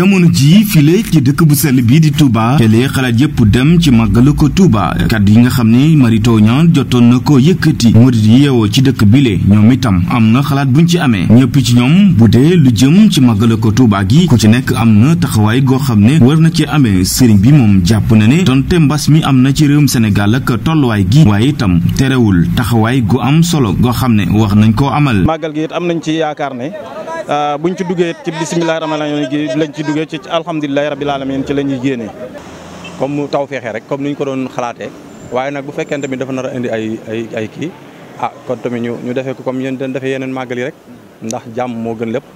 jamono jii file ci dëkk bu sell bii di Touba te lee xalaat yëpp dem ci la ko Touba kàddu yi nga xam ne Mary Teuw jotoon na ko yëkkati murid yi yeewoo ci dëkk bile ñoom itam am na xalaat buñ ci amee ñëpp ci ñoom bu dee lu jëm ci màggalu ko Touba gi ku ci nekk am na taxawaay goo xam ne war na ci amee sëriñ bi moom jàpp na ne donte mbas mi am na ci réewum Sénégal ak tolluwaay gi waaye itam terewul taxawaay gu am solo goo xam ne wax nañ ko amal. màggal am nañ ci yaakaar ne. Euh, buñ ci duggee ci bisimilah rahmaani rahiim gi lañ ci duggee ci alhamdulilah rabil alamin ci la ñuy génnee. comme mu taw feexee rek comme ni ñu ko doon xalaatee waaye nag bu fekkente tamit dafa nar a indi ay ay kii ah kon tamit ñu ñu defee ko comme yéen dañ defee yeneen màggal yi rek ndax jàmm moo gën lépp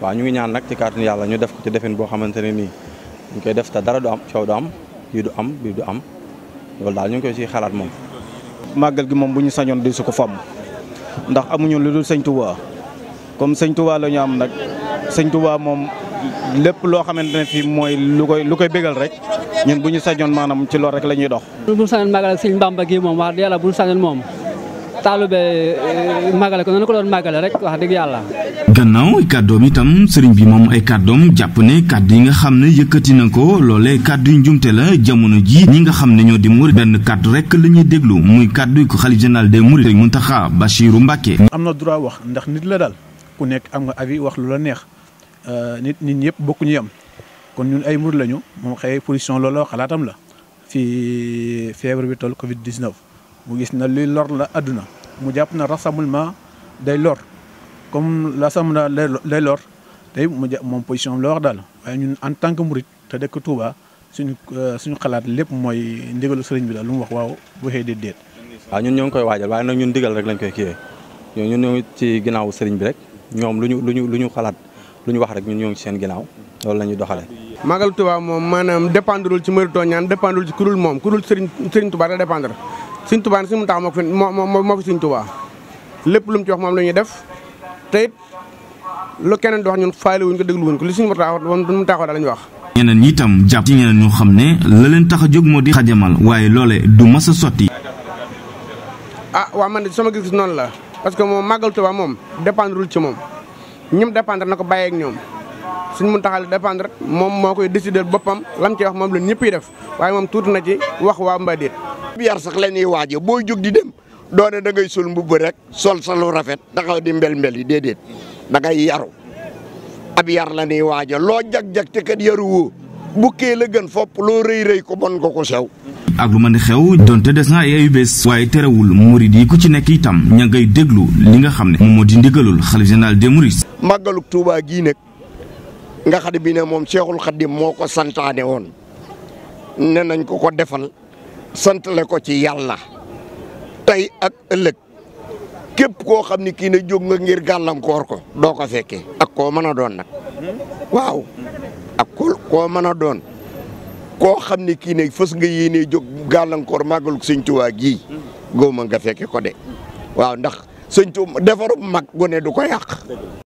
waaw ñu ngi ñaan nag ci kàttanu yàlla ñu def ko ci defin boo xamante ne nii ñu koy def te dara du am coow du am kii du am bii du am loolu daal ñu ngi koy siy xalaat moom. màggal gi moom bu ñu sañoon di su ko fomm ndax amuñu lu dul sëñ Tuubaa kon sëñ Touba la ñu am nag sëñ Touba moom lépp loo xamante ne fii mooy lu koy lu koy bégal rek ñun bu ñu sañoon maanaam ci loolu rek la ñuy dox. bu ñu sañoon màggal ak sëñ Bamba moom wax dëgg yàlla bu ñu sañoon moom taalube eh, màggale ko noonu ko doon màggale rek wax dëgg yàlla. gannaaw kàddoom itam sëriñ bi moom ay kàddoom jàpp ne kàdd yi nga xam ne yëkkati na ko loolee kàdd yu njumte la jamono ji ñi nga xam ne ñoo di murit benn kàddu rek la ñuy déglu muy yu ko xalif général des mourides Muntaxa Bachiru Mbàkke am na droit wax ndax nit la daal. ku nekk am nga avis wax lu la neex euh, nit ñi ñëpp bokkuñu yam kon ñun ay mbir lañu moom xëy position looloo xalaatam la fii feebar bi toll Covid 19. mu gis na luy lor la àdduna mu jàpp na rassemblement day lor comme rassemblement day lor te mu ja moom position am la wax daal waaye ñun en tant que murit te dëkk Touba suñu euh, suñu xalaat lépp mooy ndigalu sëriñ bi daal lu mu wax waaw bu xëy déet. waaw ñun ñoo ngi koy waajal waaye nag ñun ndigal rek lañ koy kiiyee ñoo sëriñ bi rek. ñoom lu ñu lu ñu lu ñu xalaat lu ñu wax rek ñu ñëw ngi seen ginnaaw loolu la ñuy doxalee. Màggal Tuubaa moom maanaam dépendrul ci mérito ñaan dépendrul ci kurul moom kurul Serigne Serigne Touba la dépendre Serigne Touba si mu tax moo fi moo moo fi Serigne Touba lépp lu mu ci moom la ñuy def te it lu keneen di wax ñun faale wuñ ko déglu wuñ ko li suñu mu taxaw mu taxaw daal la wax. ñeneen ñi itam jàpp ci ñeneen ñoo xam ne la leen tax a jóg moo di xajamal waaye loole du mas a sotti. ah waa man de sama gis-gis noonu la. parce que moom màggal waa moom dépendrewul ci moom ñim dépendre na ko bàyyee ak ñoom suñ mun taxal dépendre moom moo koy décider boppam lam ci wax moom la ñëpp yi def waaye moom tuuti na ci wax waa Mbadéet. yar sax la ñuy waaje booy jóg di dem doone da ngay sol rek sol sa rafet taxaw di mbel-mbel yi déedéet da ngay yaru ab yar la ni waaje loo jag-jag te kat yaru woo bukkee la gën fopp loo rëy rey ko bon ko ko sew. ak lu mën a xew donte des na ay ayu bés waaye terewul murid yi ku ci nekk itam ña ngay déglu li nga xam ne moom moo di ndigalul xalif général des mourides màggaluk Touba gii nag nga xam ne bi ne moom Cheikhul Khadim moo ko santaane woon ne nañ ko ko defal santale ko ci yàlla tey ak ëllëg képp koo xam ni kii na jóg nga ngir gàllankoor ko doo ko fekkee ak koo mën a doon nag waaw ak koo mën a doon koo xam ne kii ne fës nga yéenee jóg gàllankoor màggalu sëñ Tuubaa gii góoma nga fekke ko de waaw ndax sëñ Tuubaa defaru mag gone du ko yàq